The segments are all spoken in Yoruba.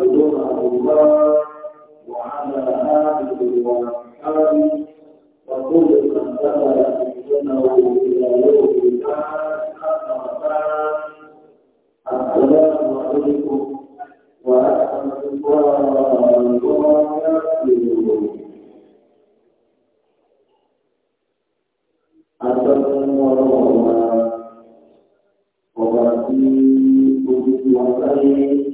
رضوان الله وعلى آله وأصحابه وكل من سلك سنه إلى يوم البعث أما بعد السلام عليكم ورحمة الله وبركاته أتمنى الله وبركاته وبركاته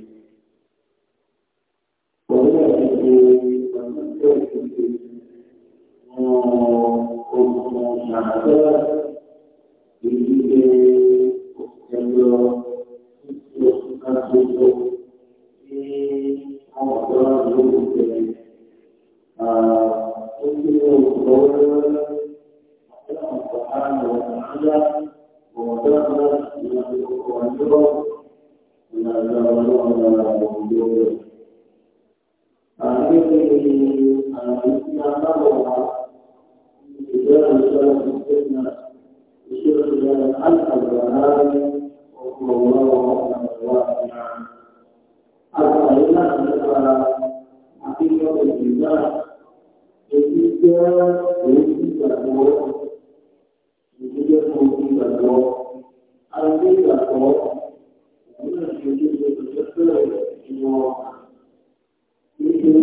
ومدخل إلى القرآن إلى الله ولا يوجد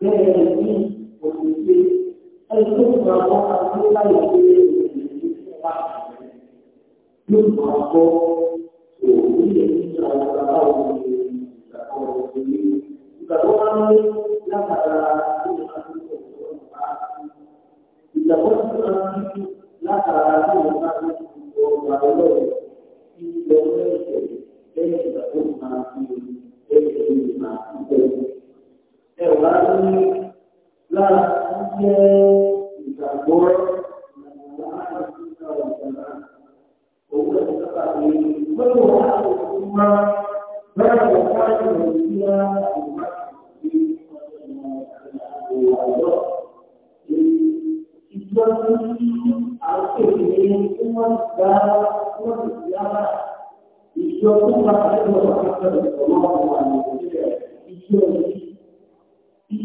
bẹ́ẹ̀ ní ẹ̀wà ní lára jẹ́ ìgbàgbọ́ Òwúrọ̀ ìjọba ni gbogbo àwọn òṣìṣẹ́ bẹ́ẹ̀ ni wọ́n ti lè fi ra àwọn àjọ ìjọ tí àwọn kékeré tí wọ́n gba wọ́n ti fi ara ìjọ tó bá tẹ̀lé ọ̀rọ̀ àti ọ̀rọ̀ àwọn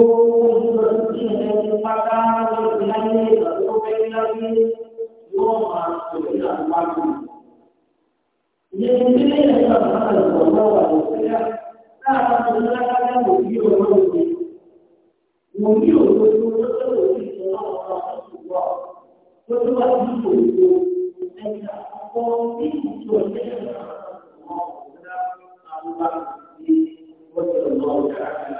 gbogbo tí ẹ ti pátá lórí láyé ìgbà tó fẹ́ láyé yóò máa sọ̀rọ̀ ní àpapọ̀. ìyẹn ní ilé ẹ̀ka máa lọ lọ́wọ́ wà lọ́sílẹ̀ láàárọ̀ tó ní lágbájá kò bí ọ̀rọ̀ òde. mo ní òdodo tó tó lò sí ìṣẹ̀lẹ̀ ọ̀rọ̀ ọ̀ṣùgbọ́ tó tó wà ní òdodo ẹ̀ka ọkọ̀ ní ìṣòro ẹ̀ka ọ̀rọ̀ ọ̀ṣùgbọ́ àwọn bá ti di ọjọ́ ìlọ́ọ̀jà rẹ̀.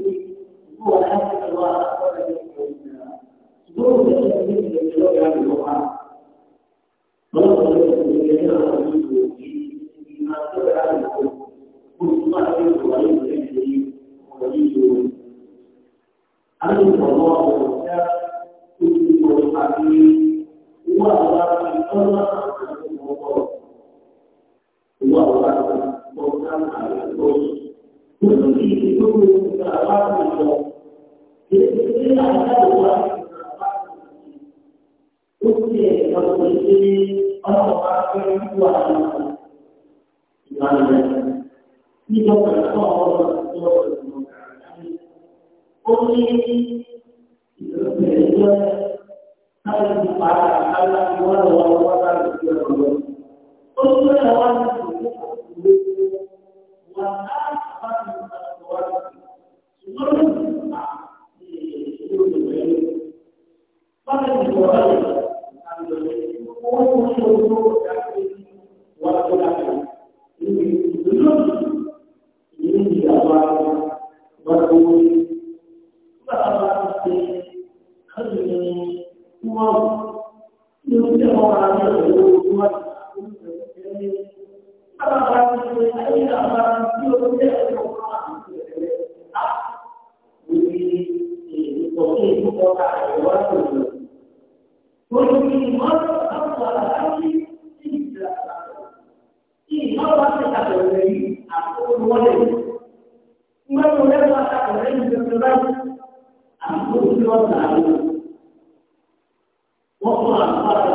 ọlọ́wọ́ bá fẹ́ wíwú àwọn ọmọ ìlànà rẹ̀. Nígbà pẹ̀lú ọmọ ọmọ ìlú ó ní ìrẹsì jẹ́ láti fi para àkàlà ìwọ́n lọ́wọ́ wọ́n bá lè fi ọ̀rọ̀ lọ. Ó ní wọ́n lọ́wọ́ ní ìṣòro ìwé wọn náà bá ti ń bá ọ̀rọ̀ wá. Ṣùgbọ́n ní ìgbà ní ìṣòro ìwé. Bákan ìṣòro ìwé. Thank you.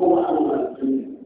هو أول الدنيا.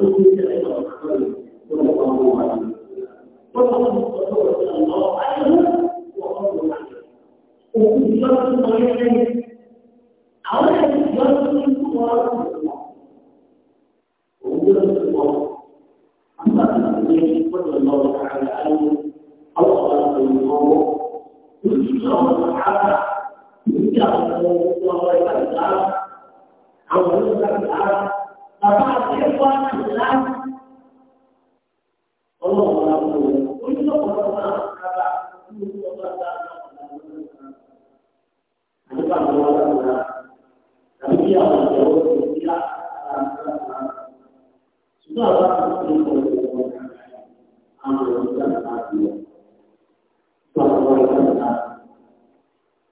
最近来一个客人，叫我帮忙买点吃的。我老公说：“说我这人老爱出门，我怎么感觉？我也不知道是什么原因。” dia jauh dia sudah lama Anggota tadi bahwa kita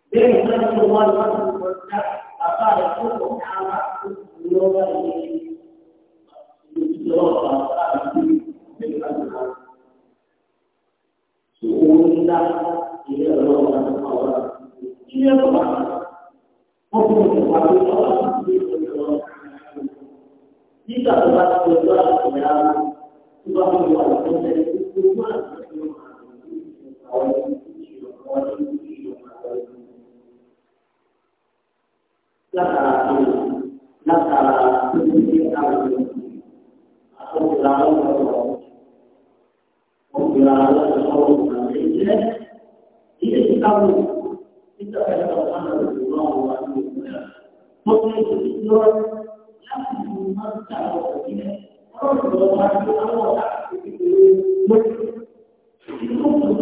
dengan semua orang berbeda الله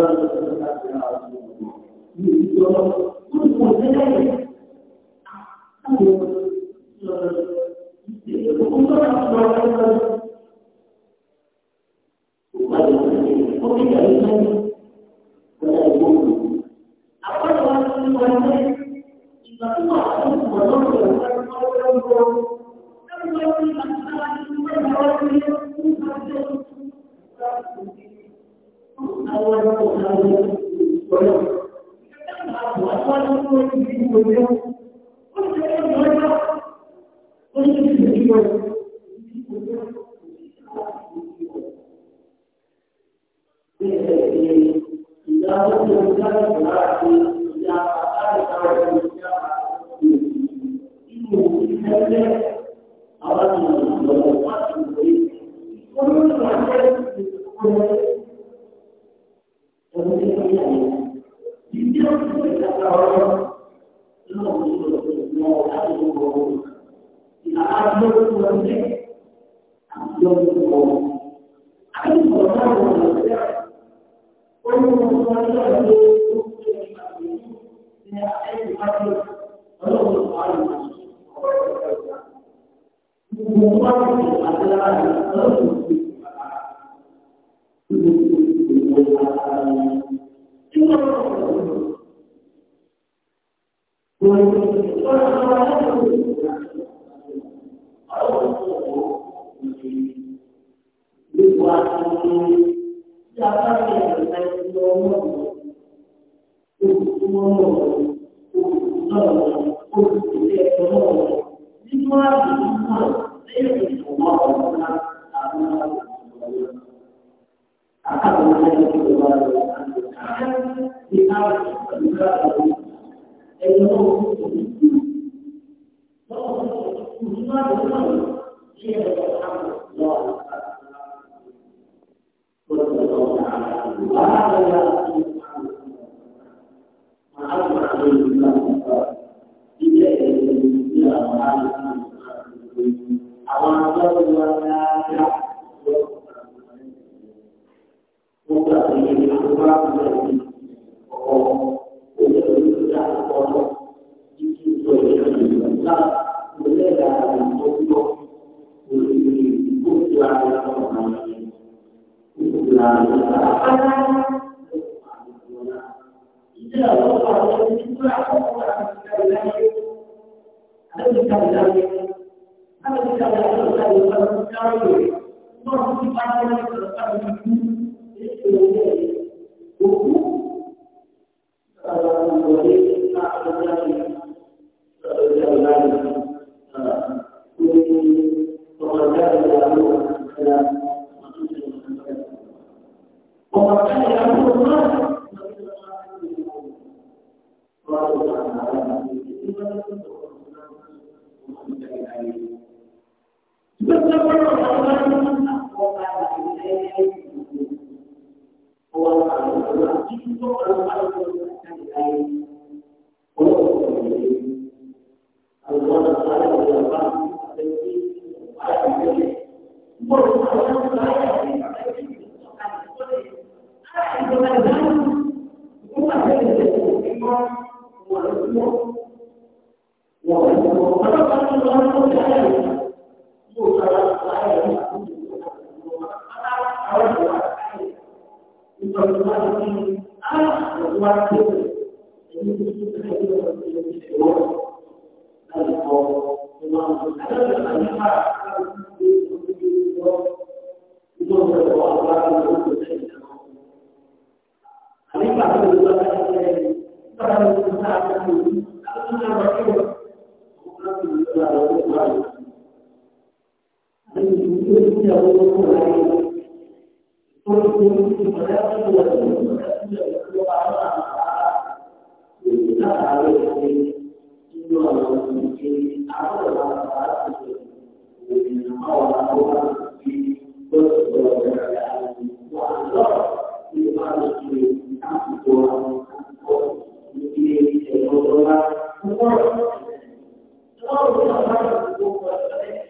falando da Assembleia Nacional. Então, وجود الإنسان في Ọlọ́run àrùn àti ọ̀pọ̀lọpọ̀ ìgbà. Gbogbo wọn ti àti lára rẹ̀. no ومن ذهب عنده عليه Thank you.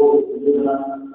وجودنا